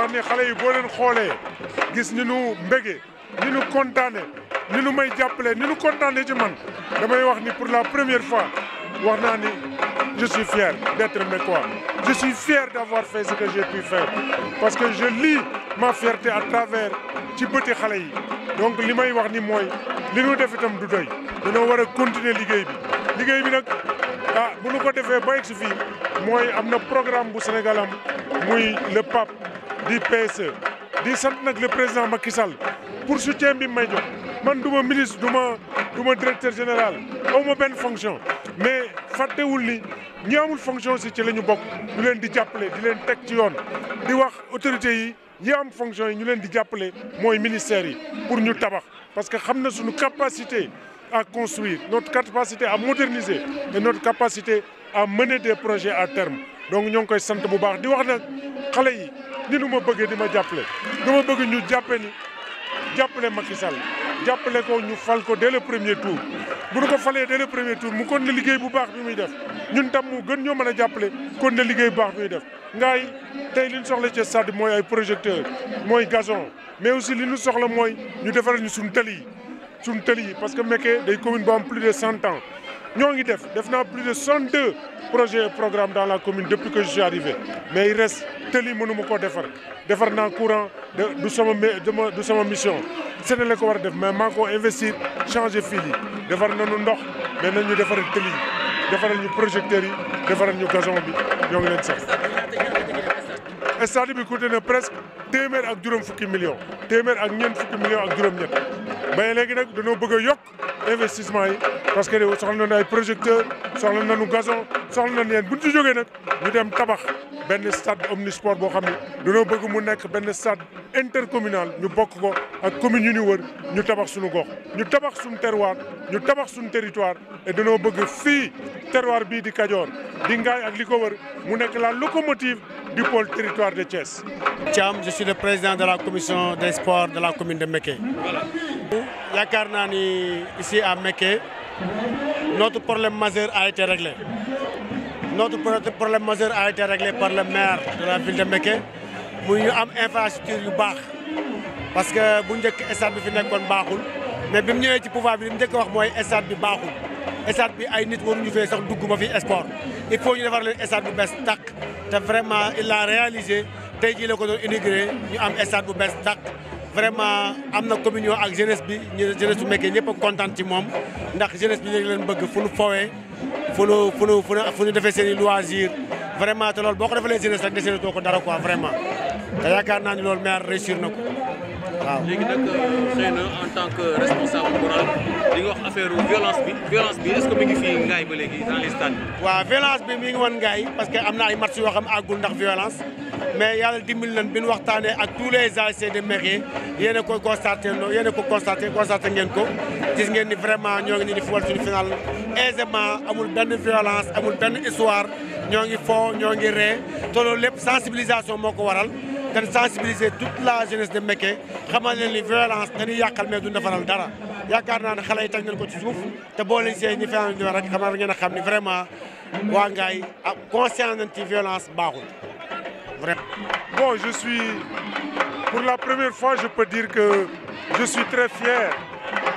wax ne xale yi boo leen xoolee gis ni nu mbégee ni nu kontaane ni nu may jàppale ni nu kontaane ci man damay wax ni pour la première fois wax naa ni je suis fier d'être Mécois je suis fier d'avoir fait ce que j'ai pu parce que je li ma fierté à travers ci bëti xale yi donc li may wax ni mooy li nu def itam du doy dañoo war a continuer liggéey bi liggéey bi nag ah bu nu ko defee ba egsi mooy am na programme bu Sénégal am muy le pape di PSE di sant nag le président Macky Sall pour soutien bi may jox man du ma ministre du ma du ma directeur général aw ma benn fonction mais fàttewul ni ñi amul fonction si ci la ñu bokk ñu leen di jàppale di leen teg ci yoon di wax autorités yi ñi am fonction yi ñu leen di jàppale mooy ministères yi pour ñu tabax parce que xam na suñu capacité à construire notre capacité à moderniser et notre capacité à mener de projets à terme donc ñoo ngi koy sant bu baax di wax nag xale yi ni nu ma bëggee di ma jàppale du ma bëgg ñu jàppe ni jàppale Macky Sall jàppale ko ñu fal ko dès le premier tour bu ñu ko falee dès le premier tour mu kon ne liggéey bu baax bi muy def ñun tam mu gën ñoo mën a jàppale kon ne liggéey bu baax bi muy def ngaay tey li ñu soxla ci stade mooy ay projecteur mooy gazon mais aussi li ñu soxla mooy ñu defaral ñu suñu tali yi suñu tali yi parce que Mekke day commune bu am plus de cent ans ñoo ngi def def naa plus de 62 projets et programmes dans la commune depuis que je suis arrivé res il reste tëli mënuma koo defar defar naa courant du sama du sama mission sene la ko war a def mais maa ko investir changer fil yi defar nañu ndox mais nañu defar tëli yi defaral ñu projecteurs yi defaral ñu gazon bi ñoo ngi leen sax stade bi coûté na presque téeméer ak juróom fukki millions téeméer ak ñeent fukki millions ak juróom ñett mais léegi nag dañoo bëgg a yokk investissement yi parce que soxla nañu ay projecteurs soxla nañu gazon soxla nañu yeen bu ñu ci jógee nag ñu dem tabax benn stade omnisport boo xam ne dañoo bëgg mu nekk benn stade intercommunal ñu bokk ko ak commune yu ñu wër ñu tabax suñu gox ñu tabax suñu terroir ñu tabax suñu territoire et dañoo bëgg fii terroir bii di Kajoor di Ngaye ak li ko wër mu nekk la locomotive di pôle territoire de Thiès. Thiam je suis le président de la commission des sports de la commune de Mékhé. yaakaar naa ni ici à Mékhé notre problème majeur a été réglé notre problème majeur a été réglé par le maire de la ville de Mékhé muy ñu am infrastructure yu baax parce que bu njëkk stade bi fi nekkoon baaxul mais bi mu ñëwee ci pouvoir bi mu njëkk wax mooy stade bi baaxul stade bi ay nit ñu fee sax dugg ba fi sport il faut ñu defar leen stade bu bees tàq te vraiment il a réalisé tey jii la ko doon inauguré ñu am stade bu bees tàq vraiment am na communion ak jeunesse bi jeunesse bu Mékhé ñëpp a kontaan ci moom ndax jeunesse bi ñu leen bëgg fu ñu fowee fu ñu fu ñu fu ñu defee seen loisir vraiment te loolu boo ko defalee jeunesse ak desee too ko dara quoi vraiment te yaakaar naa ni loolu maire réussir na ko waaw léegi nag euh, xëy na en tant que responsable moral li nga wax affaire violence bi violence bi est-ce que mi ngaay ba léegi dans les bi. waaw violence bi mi ngi woon ngaay parce que am na ay match yoo xam àggul ndax violence. mais yàlla dimbali nañ bi ñu waxtaanee ak tous les ASC de Mekhe yéen a koy constaté noo yéen a ko constaté constaté ngeen ko gis ngeen ni vraiment ñoo ngi ni di football suñu final aisément amul benn violence amul benn histoire ñoo ngi foo ñoo ngi ree te loolu lépp sensibilisation moo ko waral dañ sensibiliser toute la jeunesse de Mekhe xamal leen ni violence dañuy yàqal mais duñ defaral dara yaakaar naa ne xale yi teg nañ ko ci suuf te boo leen see ñi final rek xamal ngeen a xam ni vraiment waa Ngaye ah conscient ci violence baaxul Vraiment. Bon, je suis, pour la première fois, je peux dire que je suis très fier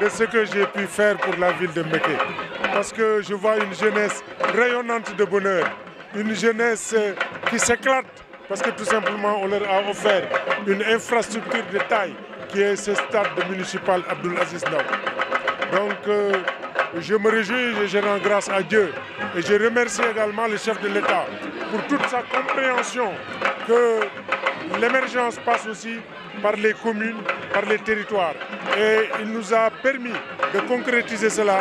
de ce que j'ai pu faire pour la ville de Mbeke. Parce que je vois une jeunesse rayonnante de bonheur, une jeunesse euh, qui s'éclate parce que tout simplement on leur a offert une infrastructure de taille qui est ce stade municipal Abdul Aziz Ndaw. Donc euh, Je me réjouis et je rends le chef de l'État pour toute sa compréhension que par les communes, par les territoires. Et il nous a permis de concrétiser cela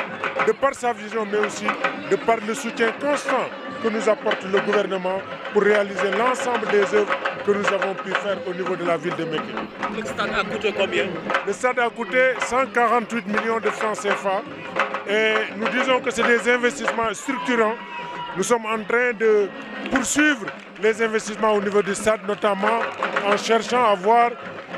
par sa vision, mais de par le soutien constant que nous apporte le gouvernement pour réaliser l'ensemble des œuvres que nous avons pu faire au la ville de Meké. Le stade a coûté combien Le stade a coûté Et nous disons que c'est des investissements structurants. Nous sommes en train de poursuivre les investissements au niveau du stade, notamment en cherchant à avoir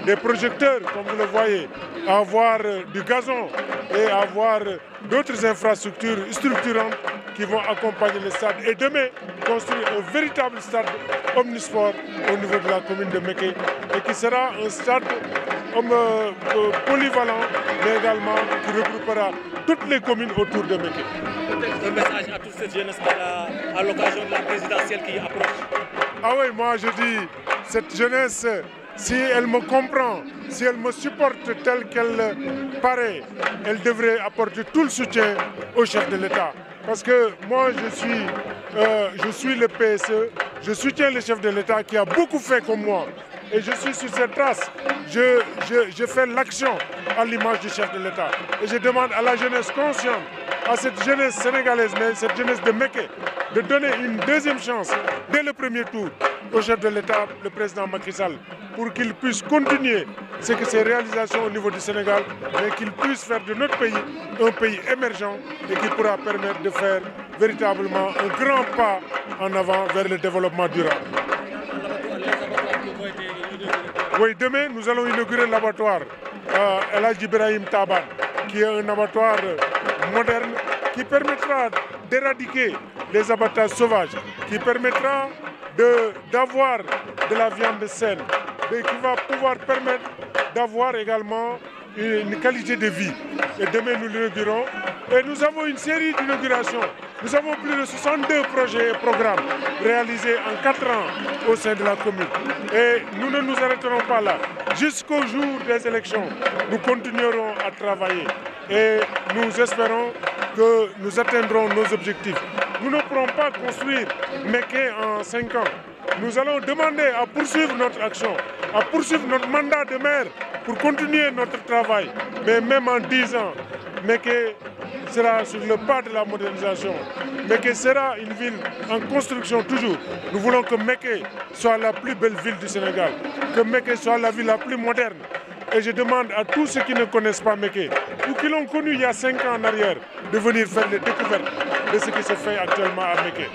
des projecteurs, comme vous le voyez, à avoir euh, du gazon et à avoir euh, d'autres infrastructures structurantes qui vont accompagner le stade. Et demain, construire un véritable stade omnisport au niveau de la commune de Meké et qui sera un stade euh, polyvalent, mais également qui regroupera toutes les communes autour de Mekki. un message à toute cette jeunesse à de la présidentielle qui approche. Ah oui, moi je dis, cette jeunesse, si elle me comprend, si elle me supporte telle qu'elle paraît, elle devrait apporter tout le soutien au chef de l'État. Parce que moi, je suis, euh, je suis le PSE, je soutiens le chef de l'État qui a beaucoup fait comme moi. Et je suis sur cette trace. Je, je, je fais l'action à l'image du chef de l'État. Et je demande à la jeunesse consciente, à cette jeunesse sénégalaise, mais cette jeunesse de Meké, de donner une deuxième chance dès le premier tour au chef de l'État, le président Macky Sall, pour qu'il puisse continuer ce que ses réalisations au niveau du Sénégal, mais qu'il puisse faire de notre pays un pays émergent et qui pourra permettre de faire véritablement un grand pas en avant vers le développement durable. Oui, demain, nous allons inaugurer l'abattoir euh, El Hadj Ibrahim Taban, qui est un abattoir moderne qui permettra d'éradiquer les abattages sauvages, qui permettra de d'avoir de la viande saine, et qui va pouvoir permettre d'avoir également une qualité de vie. Et demain, nous l'inaugurons. Et nous avons une série d'inaugurations Nous avons plus de 62 projets et en 4 ans au sein de la commune. Et nous ne nous arrêterons pas là. Jusqu'au jour des élections, nous continuerons à travailler. Et nous espérons que nous atteindrons nos objectifs. Nous ne pourrons pas construire Meké à poursuivre notre action, à poursuivre notre pour continuer notre travail. Mais même en sera sur le pas de la modernisation. Meké sera une ville en construction toujours. Nous voulons que Meké soit la plus belle ville du Sénégal, que Meké soit la ville la plus moderne. Et je demande à tous ceux qui ne connaissent pas Meké, ou qui l'ont connu il y a 5 ans en arrière, de venir faire les découvertes de ce qui se fait actuellement à Meké.